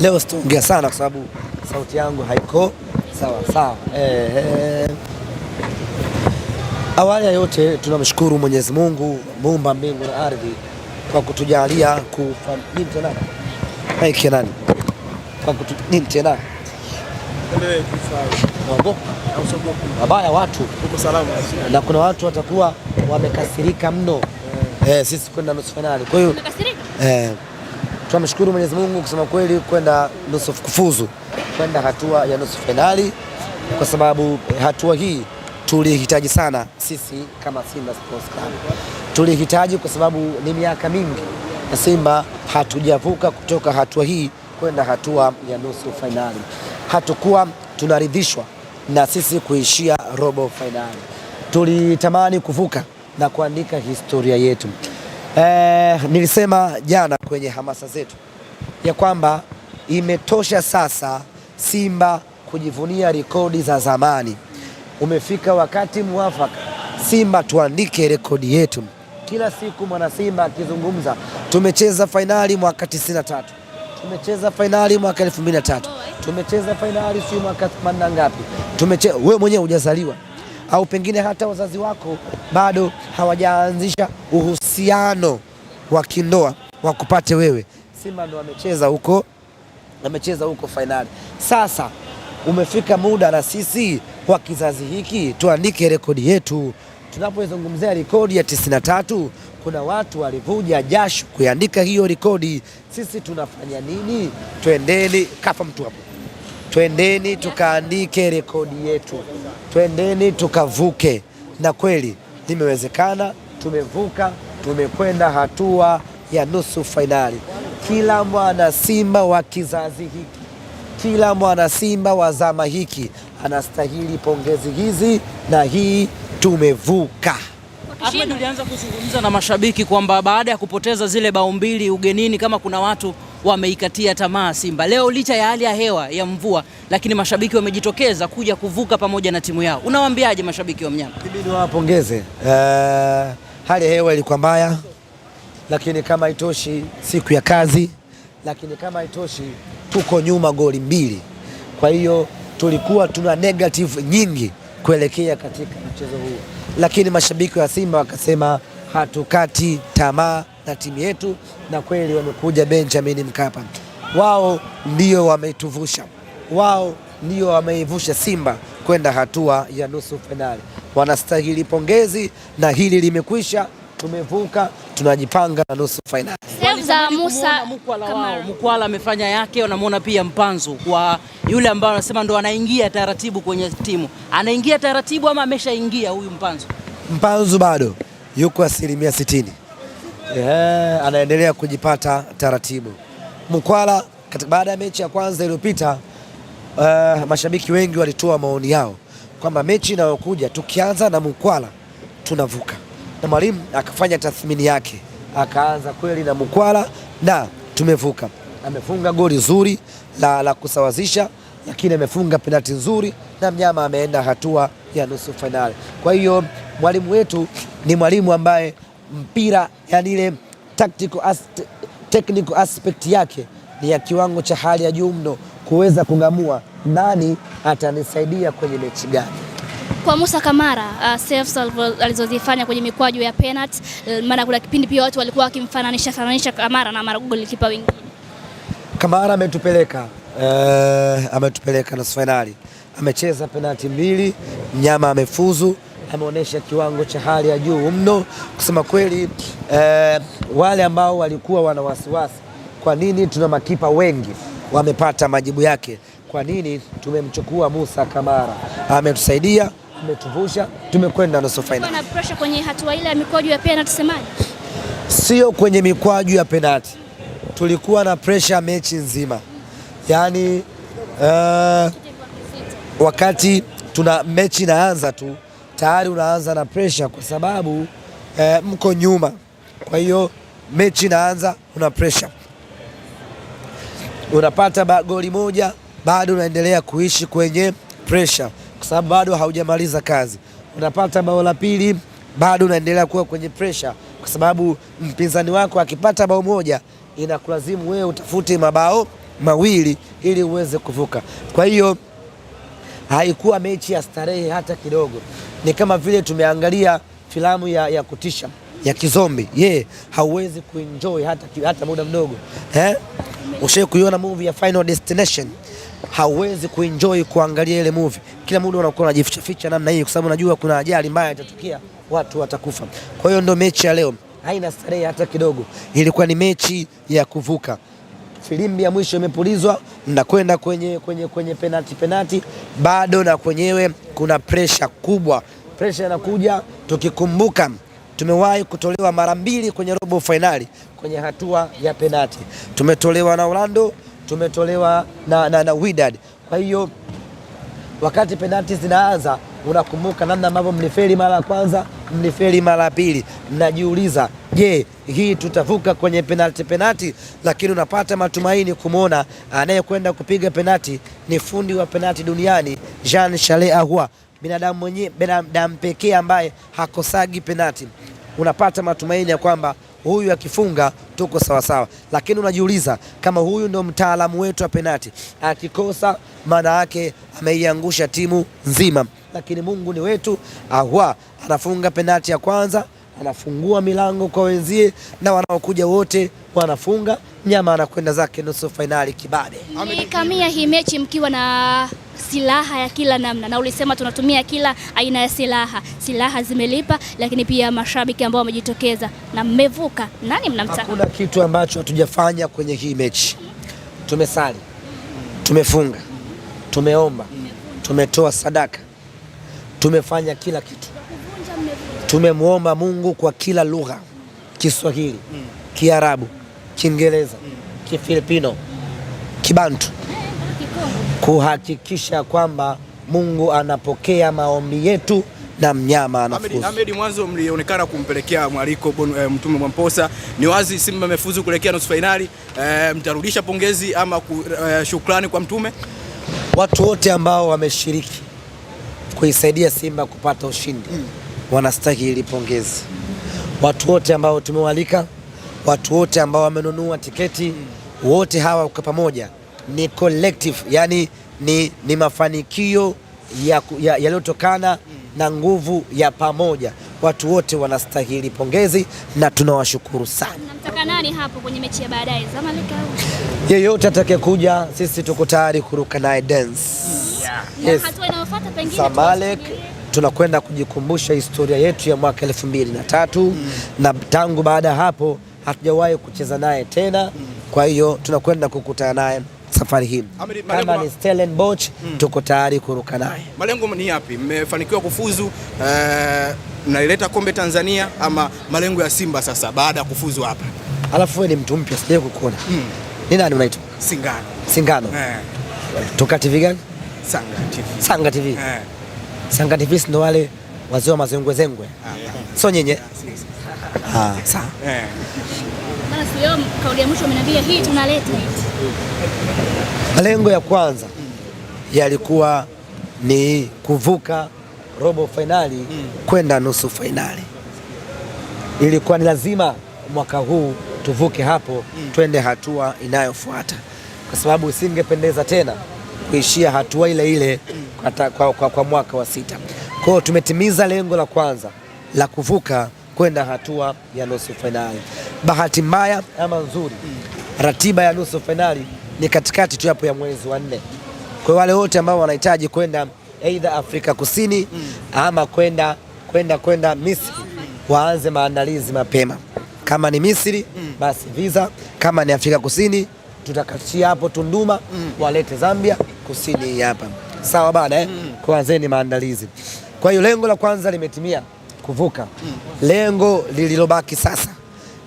leo sitaongea sana kwa sababu sauti yangu haiko sawa sawa. Eh, eh. Awali ya yote tunamshukuru Mwenyezi Mungu muumba mbingu na ardhi kwa kutujalia kufam... tena? Hai kenani. Kwa kutu... nini tena? Mabaya watu na kuna watu watakuwa wamekasirika mno eh, sisi kwenda nusu finali. Kwa hiyo eh tunamshukuru Mwenyezi Mungu kusema kweli, kwenda nusu kufuzu kwenda hatua ya nusu fainali, kwa sababu hatua hii tulihitaji sana sisi kama Simba Sports Club, tulihitaji kwa sababu ni miaka mingi na Simba hatujavuka kutoka hatua hii kwenda hatua ya nusu fainali. Hatukuwa tunaridhishwa na sisi kuishia robo fainali, tulitamani kuvuka na kuandika historia yetu. Eh, nilisema jana kwenye hamasa zetu ya kwamba imetosha sasa Simba kujivunia rekodi za zamani. Umefika wakati mwafaka Simba tuandike rekodi yetu. Kila siku mwana Simba akizungumza, tumecheza fainali mwaka 93, tumecheza fainali mwaka 2003, tumecheza fainali si mwaka 80 ngapi, tumecheza. Wewe mwenyewe hujazaliwa au pengine hata wazazi wako bado hawajaanzisha uhusiano wa kindoa wa kupate wewe. Simba ndo amecheza huko, amecheza huko fainali. Sasa umefika muda na sisi kwa kizazi hiki tuandike rekodi yetu. Tunapozungumzia rekodi ya 93 kuna watu walivuja jasho kuiandika hiyo rekodi. Sisi tunafanya nini? Twendeni kafa mtu hapo, twendeni tukaandike rekodi yetu twendeni tukavuke, na kweli limewezekana. Tumevuka, tumekwenda hatua ya nusu fainali. Kila mwana Simba wa kizazi hiki, kila mwana Simba wa zama hiki anastahili pongezi hizi, na hii tumevuka. Ahmed, ulianza kuzungumza na mashabiki kwamba baada ya kupoteza zile bao mbili ugenini, kama kuna watu wameikatia tamaa Simba. Leo licha ya hali ya hewa ya mvua, lakini mashabiki wamejitokeza kuja kuvuka pamoja na timu yao. Unawaambiaje mashabiki wa mnyama? Ibidi wapongeze. Uh, eh, hali ya hewa ilikuwa mbaya, lakini kama itoshi siku ya kazi, lakini kama itoshi tuko nyuma goli mbili, kwa hiyo tulikuwa tuna negative nyingi kuelekea katika mchezo huu, lakini mashabiki wa Simba wakasema hatukati tamaa na timu yetu, na kweli wamekuja Benjamin Mkapa. Wao ndio wametuvusha, wao ndio wameivusha Simba kwenda hatua ya nusu fainali. Wanastahili pongezi, na hili limekwisha. Tumevuka, tunajipanga na nusu fainali. Musa Mkwala amefanya yake, wanamuona pia Mpanzu kwa yule ambaye anasema ndo anaingia taratibu kwenye timu, anaingia taratibu ama ameshaingia huyu Mpanzu? Mpanzu bado yuko asilimia sitini yeah, anaendelea kujipata taratibu. Mkwala baada ya mechi ya kwanza iliyopita, uh, mashabiki wengi walitoa maoni yao kwamba mechi inayokuja tukianza na Mkwala tunavuka, na mwalimu akafanya tathmini yake akaanza kweli na Mkwala na tumevuka. Amefunga goli zuri la, la kusawazisha, lakini amefunga penalti nzuri na mnyama ameenda hatua ya nusu fainali. Kwa hiyo mwalimu wetu ni mwalimu ambaye mpira, yani ile tactical as technical aspect yake ni ya kiwango cha hali ya juu mno kuweza kungamua nani atanisaidia kwenye mechi gani. Kwa Musa Kamara uh, saves alizozifanya kwenye mikwaju ya penalty, uh, maana kuna kipindi pia watu walikuwa wakimfananisha fananisha Kamara na magoli kipa wengine. Kamara ametupeleka uh, ametupeleka nusu finali, amecheza penalty mbili, mnyama amefuzu ameonyesha kiwango cha hali ya juu mno kusema kweli. Eh, wale ambao walikuwa wana wasiwasi kwa nini tuna makipa wengi wamepata majibu yake. Kwa nini tumemchukua Musa Kamara? Ametusaidia, ametuvusha, tumekwenda nusu fainali. Kuna pressure kwenye hatua ile ya mikwaju ya penalty, tusemaje? Sio kwenye mikwaju ya penalty, tulikuwa na pressure mechi nzima, yaani uh, wakati tuna mechi inaanza tu tayari unaanza na pressure kwa sababu eh, mko nyuma. Kwa hiyo mechi inaanza, una pressure, unapata goli moja, bado unaendelea kuishi kwenye pressure kwa sababu bado haujamaliza kazi. Unapata bao la pili, bado unaendelea kuwa kwenye pressure kwa sababu mpinzani wako akipata bao moja inakulazimu wewe utafute mabao mawili ili uweze kuvuka. Kwa hiyo haikuwa mechi ya starehe hata kidogo ni kama vile tumeangalia filamu ya, ya kutisha ya kizombi ye yeah. Hauwezi kuenjoy hata, hata muda mdogo eh? Ushe kuiona movie ya Final Destination? Hauwezi kuenjoy kuangalia ile movie, kila muda unakuwa unajificha ficha namna hii, kwa sababu unajua kuna ajali mbaya itatokea, watu watakufa. Kwa hiyo ndio mechi ya leo haina starehe hata kidogo, ilikuwa ni mechi ya kuvuka filimbi ya mwisho imepulizwa, mnakwenda kwenye, kwenye, kwenye penalti penalti, bado na kwenyewe kuna presha kubwa. Presha inakuja tukikumbuka tumewahi kutolewa mara mbili kwenye robo fainali kwenye hatua ya penati Tumetolewa na Orlando, tumetolewa na, na, na Wydad. Kwa hiyo wakati penati zinaanza, unakumbuka namna ambavyo mlifeli mara ya kwanza, mlifeli mara ya pili, mnajiuliza Je, hii tutavuka kwenye penalti penalti? Lakini unapata matumaini kumwona anayekwenda kupiga penalti ni fundi wa penalti duniani Jean Charles Ahoua, binadamu mwenye binadamu pekee ambaye hakosagi penalti. Unapata matumaini ya kwamba huyu akifunga tuko sawasawa, lakini unajiuliza kama huyu ndo mtaalamu wetu wa penati, akikosa maana yake ameiangusha timu nzima. Lakini Mungu ni wetu, Ahoua anafunga penati ya kwanza anafungua milango kwa wenzie na wanaokuja wote wanafunga mnyama anakwenda zake nusu fainali kibabe. Kamia hii mechi mkiwa na silaha ya kila namna, na ulisema tunatumia kila aina ya silaha. Silaha zimelipa, lakini pia mashabiki ambao wamejitokeza na mmevuka, nani mnamtaka? Hakuna kitu ambacho hatujafanya kwenye hii mechi. Tumesali, tumefunga, tumeomba, tumetoa sadaka, tumefanya kila kitu. Tumemwomba Mungu kwa kila lugha, Kiswahili, Kiarabu, Kiingereza, Kifilipino, Kibantu, kuhakikisha kwamba Mungu anapokea maombi yetu na mnyama anafuzu. Ahmed, mwanzo mlionekana kumpelekea mwaliko e, Mtume Mwamposa. Ni wazi Simba amefuzu kuelekea nusu fainali. E, eh, mtarudisha pongezi ama ku, e, shukrani kwa Mtume? Watu wote ambao wameshiriki kuisaidia Simba kupata ushindi hmm wanastahili hili pongezi. Watu wote ambao tumewalika, watu wote ambao wamenunua tiketi, wote hawa kwa pamoja ni collective, yani ni, ni mafanikio yaliyotokana ya, ya na nguvu ya pamoja. Watu wote wanastahili pongezi na tunawashukuru sana. Mnamtaka nani hapo kwenye mechi ya baadaye? Zamalek au yeyote atakayekuja, sisi tuko tayari kuruka naye dance. Mm. Yes. Zamalek tunakwenda kujikumbusha historia yetu ya mwaka elfu mbili na tatu mm. na tangu baada ya hapo hatujawahi kucheza naye tena mm. kwa hiyo tunakwenda kukutana naye safari hii kama ni Stellenbosch mm. tuko tayari kuruka naye. Malengo ni yapi? Mmefanikiwa kufuzu eh, mnaileta kombe Tanzania, ama malengo ya Simba sasa baada ya kufuzu hapa? Alafu wewe ni mtu mpya, sijai kukuona mm. ni nani unaitwa? Singano. Singano. Eh. Toka TV gani? Sanga TV. Sanga TV. Eh. Sangativis ndo wale wazee wa mazengwezengwe, so nyenye. Ah. Sawa. Malengo ya kwanza yalikuwa ni kuvuka robo fainali kwenda nusu fainali. Ilikuwa ni lazima mwaka huu tuvuke hapo twende hatua inayofuata, kwa sababu isingependeza tena kuishia hatua ile ile hata kwa, kwa, kwa mwaka wa sita. Kwa hiyo tumetimiza lengo la kwanza la kuvuka kwenda hatua ya nusu fainali. Bahati mbaya ama nzuri, ratiba ya nusu fainali ni katikati tu hapo ya mwezi wa nne. Kwa hiyo wale wote ambao wanahitaji kwenda aidha Afrika Kusini ama kwenda kwenda kwenda Misri waanze maandalizi mapema. Kama ni Misri basi visa, kama ni Afrika Kusini tutakatia hapo Tunduma, walete Zambia kusini hapa sawa bana eh? mm. Kuanzeni maandalizi. Kwa hiyo lengo la kwanza limetimia kuvuka. mm. Lengo lililobaki sasa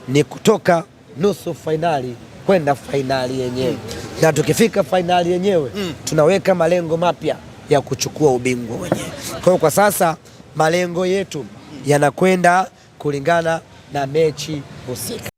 ni kutoka nusu fainali kwenda fainali yenyewe mm. na tukifika fainali yenyewe mm. tunaweka malengo mapya ya kuchukua ubingwa wenyewe. Kwa hiyo kwa sasa malengo yetu yanakwenda kulingana na mechi husika.